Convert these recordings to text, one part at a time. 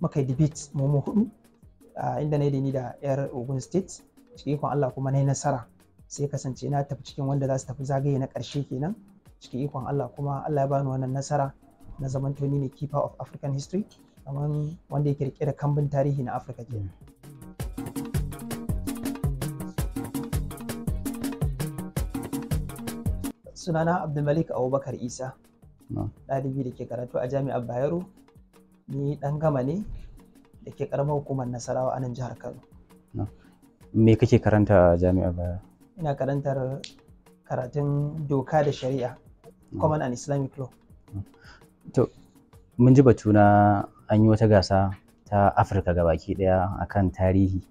muka yi debate mu mu hudu inda na yi ni da yar Ogun State cikin ikon Allah kuma na yi nasara sai kasance na tafi cikin wanda za su tafi zagaye na karshe kenan cikin ikon Allah kuma Allah ya bani wannan nasara na zamantoni ni ne keeper of African history kamar wanda ya kirkira kambin tarihi na africa kenan. sunana abdulmalik abubakar isa ɗalibi da ke karatu a jami'ar bayero ni dan gama ne da ke karamar hukumar nasarawa a nan jihar kano me kake karanta a jami'a baya ina karantar karatun doka da shari'a common and islamic law to mun ji batu na an yi wata gasa ta afirka gabaki daya akan tarihi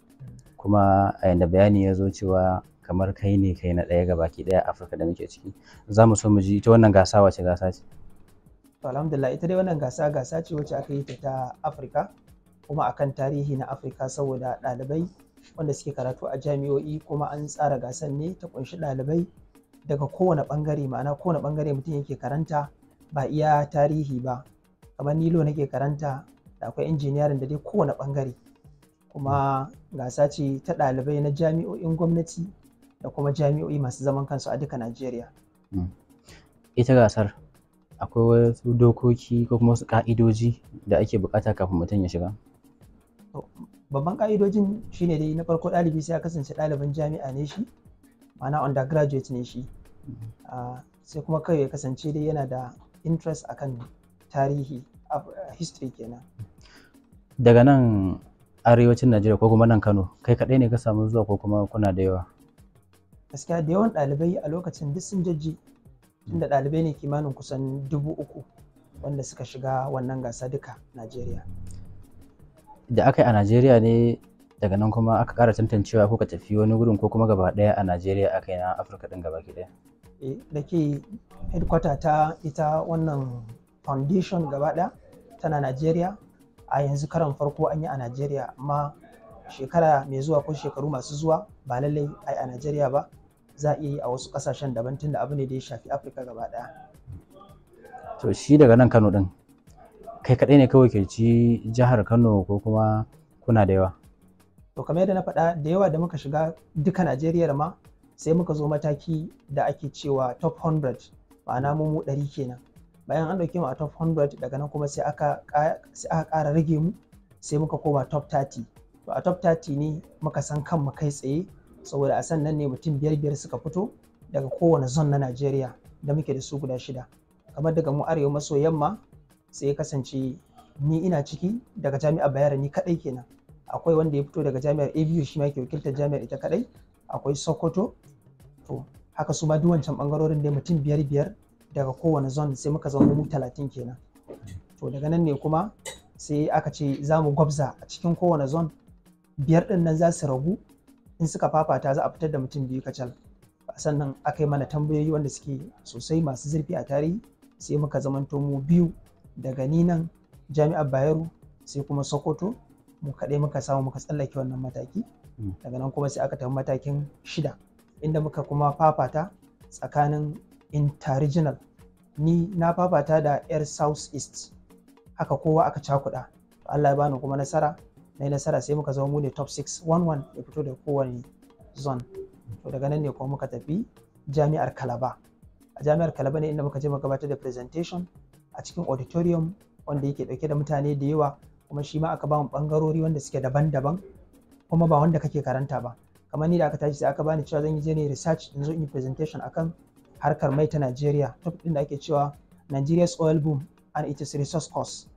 kuma a yanda bayani ya zo cewa kamar kai ne kai na ɗaya gabaki ɗaya afirka da muke ciki za mu so mu ji ita wannan gasa wace gasa ce to alhamdulillah ita dai wannan gasa gasa ce wacce aka yi ta ta afirka kuma akan tarihi na afirka saboda ɗalibai wanda suke karatu a jami'o'i kuma an tsara gasar ne ta kunshi ɗalibai daga kowane bangare ma'ana kowane bangare mutum yake karanta ba iya tarihi ba kamar nilo nake karanta da akwai injiniyarin da dai kowane bangare kuma gasa ce ta ɗalibai na jami'o'in gwamnati da kuma jami'o'i masu zaman kansu a duka Najeriya. Hmm. Ita gasar akwai wasu dokoki ko kuma wasu ka'idoji da ake bukata kafin mutum ya shiga babban ka'idojin ne dai na farko ɗalibi sai ya kasance ɗalibin jami'a ne shi ma'ana undergraduate ne shi mm-hmm. ah, sai kuma kawai ya kasance dai yana da interest akan tarihi history kenan daga nan arewacin najeriya ko kuma nan kano kai kaɗai ne ka samu zuwa ko kuma kuna da yawa gaskiya da yawan ɗalibai a lokacin duk sun jajji inda ɗalibai ne kimanin kusan dubu uku wanda suka shiga wannan gasa duka Najeriya. Da aka yi a Najeriya ne daga nan kuma aka ƙara tantancewa ko ka tafi wani gudun ko kuma gaba ɗaya a Najeriya aka yi na Afirka ɗin gaba ki ɗaya. Eh, da ke headquarter ta ita wannan foundation gaba ɗaya tana Najeriya a yanzu karan farko an yi a Najeriya amma shekara mai zuwa ko shekaru masu zuwa ba lallai a Najeriya ba za a iya yi a wasu kasashen daban tun da abu ne da ya shafi afirka gaba daya to shi daga nan kano din kai kadai ne kawai ke ci jihar kano ko kuma kuna da yawa to kamar yadda na faɗa da yawa da muka shiga duka najeriya ma sai muka zo mataki da ake cewa top 100 ma'ana mu ɗari kenan bayan an ɗauke mu a top 100 daga nan kuma sai aka ƙara rage mu sai muka koma top 30 to a top 30 ne muka san kanmu kai tsaye saboda a sannan ne mutum biyar biyar suka fito daga kowane zon na najeriya da muke da su guda shida kamar daga mu arewa maso yamma sai ya kasance ni ina ciki daga jami'ar bayar ni kadai kenan akwai wanda ya fito daga jami'ar abu shi ma ke wakiltar jami'ar ita kadai akwai sokoto to haka su ma duk wancan bangarorin da mutum biyar biyar daga kowane zon sai muka zama mu talatin kenan to daga nan ne kuma sai aka ce za mu gwabza a cikin kowane zon biyar ɗin nan za su ragu in suka fafata za a fitar da mutum biyu kacal sannan aka yi mana tambayoyi wanda suke sosai masu zurfi a tarihi sai muka zamanto mu biyu daga ni nan jami'ar bayero sai kuma sokoto mu kaɗai muka samu muka tsallake wannan mataki hmm. daga nan kuma sai aka tafi matakin shida inda muka kuma fafata tsakanin interregional ni na fafata da yar south east haka kowa aka cakuɗa Allah ya bani kuma nasara na yi nasara sai muka zama mu ne top 6 1-1 ya fito da kowane zone to daga nan ne kuma muka tafi jami'ar kalaba a jami'ar kalaba ne inda muka je muka gabatar da presentation a cikin auditorium wanda yake dauke da mutane da yawa kuma shi ma aka ba mu bangarori wanda suke daban-daban kuma ba wanda kake karanta ba kamar ni da aka tashi sai aka bani cewa zan yi je research in zo in yi presentation akan harkar mai ta Nigeria, top din da ake cewa Nigeria's oil boom and its resource cost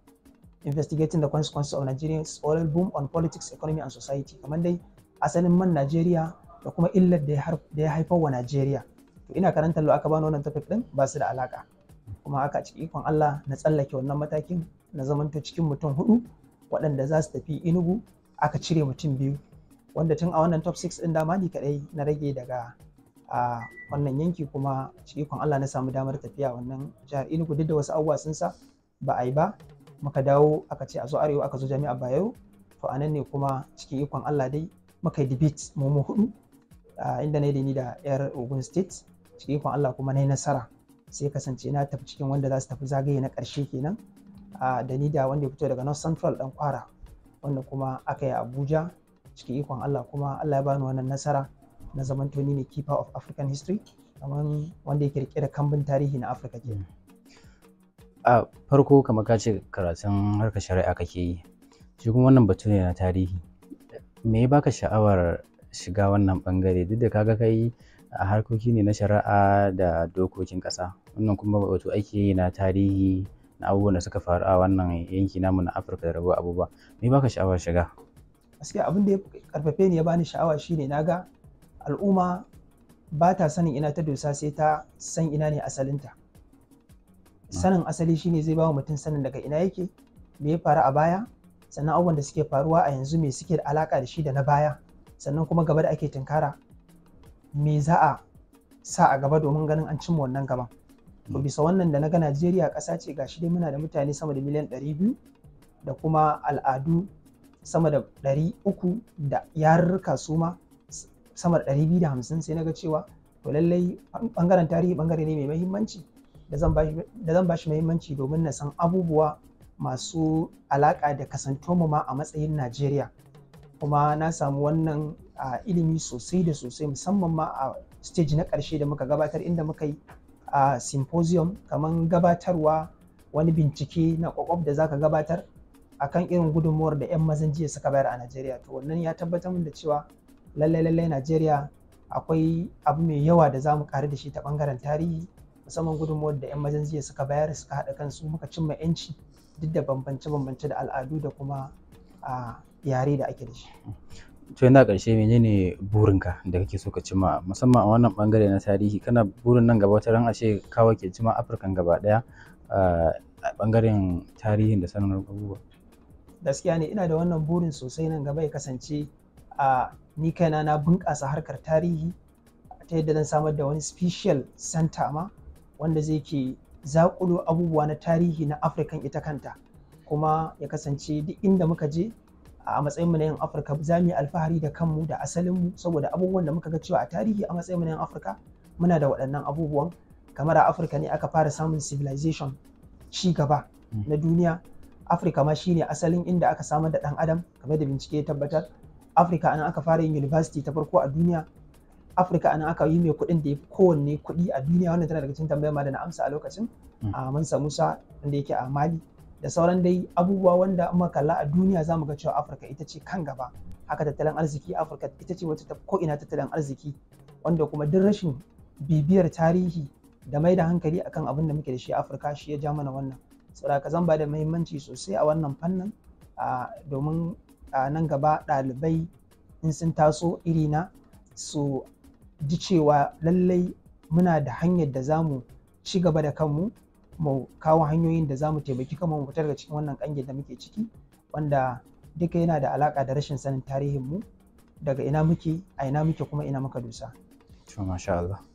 investigating the consequences of Nigeria's oil boom on politics, economy and society kamar dai asalin man Najeriya da kuma illar da ya haifar wa Najeriya to ina karantar aka bani wannan topic din ba su da alaka kuma aka ciki ikon Allah na tsallake wannan matakin na zamanto cikin mutum hudu waɗanda za su tafi inugu aka cire mutum biyu wanda tun a wannan top 6 ɗin dama ni kaɗai na rage daga a wannan yanki kuma cikin Allah na samu damar tafiya wannan jihar inugu, duk da wasu abubuwa sun sa ba a yi ba muka dawo aka ce a zo arewa aka zo jami'a bayero to a nan ne kuma cikin ikon allah dai muka yi debit mu mu hudu inda na yi ni da yar ogun state cikin ikon allah kuma na yi nasara sai kasance na tafi cikin wanda za su tafi zagaye na ƙarshe kenan da ni da wanda ya fito daga north central dan kwara wanda kuma aka yi abuja cikin ikon allah kuma allah ya bani wannan nasara na zamantoni ne keeper of african history kamar wanda ya kirkira kambun tarihi na africa kenan a farko kamar ka ce karatun harkar shari'a kake yi shi kuma wannan batu ne na tarihi me ya baka sha'awar shiga wannan bangare duk da kaga kai a harkoki ne na shari'a da dokokin kasa wannan kuma batu ake yi na tarihi na abubuwan da suka faru a wannan yanki namu na afirka da rabuwa abubuwa me baka sha'awar shiga gaskiya abin da ya karfafe ni ya bani sha'awa shine ga. al'umma ba ta sanin ina ta dosa sai ta san ina ne asalinta sanin asali shi ne zai ba wa mutum sanin daga ina yake me ya faru a baya sannan abubuwan da suke faruwa a yanzu me suke da alaka da shi da na baya sannan kuma gaba da ake tunkara me za a sa a gaba domin ganin an cimma wannan gaban to hmm. bisa wannan da na ga Najeriya ƙasa ce gashi dai muna da mutane sama da miliyan 200 da kuma al'adu sama da 300 da yarurruka su ma sama da hamsin sai na ga cewa to lallai bangaren tarihi ɓangare ne mai muhimmanci. da zan bashi mahimmanci domin na san abubuwa masu alaƙa da mu ma a matsayin Najeriya kuma na samu wannan ilimi sosai da sosai musamman ma a stage na ƙarshe da muka gabatar inda muka yi a symposium kamar gabatarwa wani bincike na kwakwaf da zaka gabatar akan irin gudunmuwar da 'yan mazan jiya suka bayar a Najeriya to wannan ya tabbatar da cewa lallai lallai Najeriya akwai abu mai yawa da za mu ƙaru da shi ta ɓangaren tarihi musamman gudunmuwar da 'yan majanziya suka bayar suka haɗa kansu muka cimma 'yanci duk da bambance-bambance da al'adu da kuma a yare da ake da shi. To yana ƙarshe menene burinka da kake so ka cimma? musamman a wannan bangare na tarihi kana burin nan gaba wata ran ashe kawai ke cimma Afirkan gaba ɗaya a bangaren tarihin da sanar abubuwa. Gaskiya ne ina da wannan burin sosai nan gaba ya kasance a ni kaina na bunƙasa harkar tarihi ta yadda zan samar da wani special center ma wanda zai ke zaƙulo abubuwa na tarihi na afirkan ita kanta kuma ya kasance duk inda muka je a matsayin mu na 'yan afirka za mu yi alfahari da kanmu da asalin mu saboda abubuwan da muka ga cewa a tarihi a matsayin mu na 'yan afirka muna da waɗannan abubuwan kamar a afirka ne aka fara samun civilization ci gaba hmm. na duniya afirka ma shi ne asalin inda aka samar da ɗan adam kamar da bincike ya tabbatar afirka nan aka fara yin university ta farko a duniya afirka nan aka yi mai kuɗin da ya fi kowanne kuɗi a duniya wannan tana daga cikin tambayar ma da na amsa a lokacin hmm. a mansa musa wanda yake a mali da sauran dai abubuwa wanda muka kalla a duniya za mu ga cewa afirka ita ce kan gaba haka tattalin arziki afirka ita ce wacce ta ko ina tattalin arziki wanda kuma duk rashin bibiyar tarihi da mai da hankali akan abin da muke da shi a afirka shi ya ja mana wannan saboda zan ba da muhimmanci sosai a wannan fannin domin nan gaba ɗalibai in sun taso irina su ji cewa lallai muna da hanyar da za mu ci gaba da kanmu mu kawo hanyoyin da za mu taimaki kanmu mu fitar daga cikin wannan ƙangin da muke ciki wanda duka yana da alaka da rashin sanin tarihin mu daga ina muke a ina muke kuma ina muka dusa. masha Allah.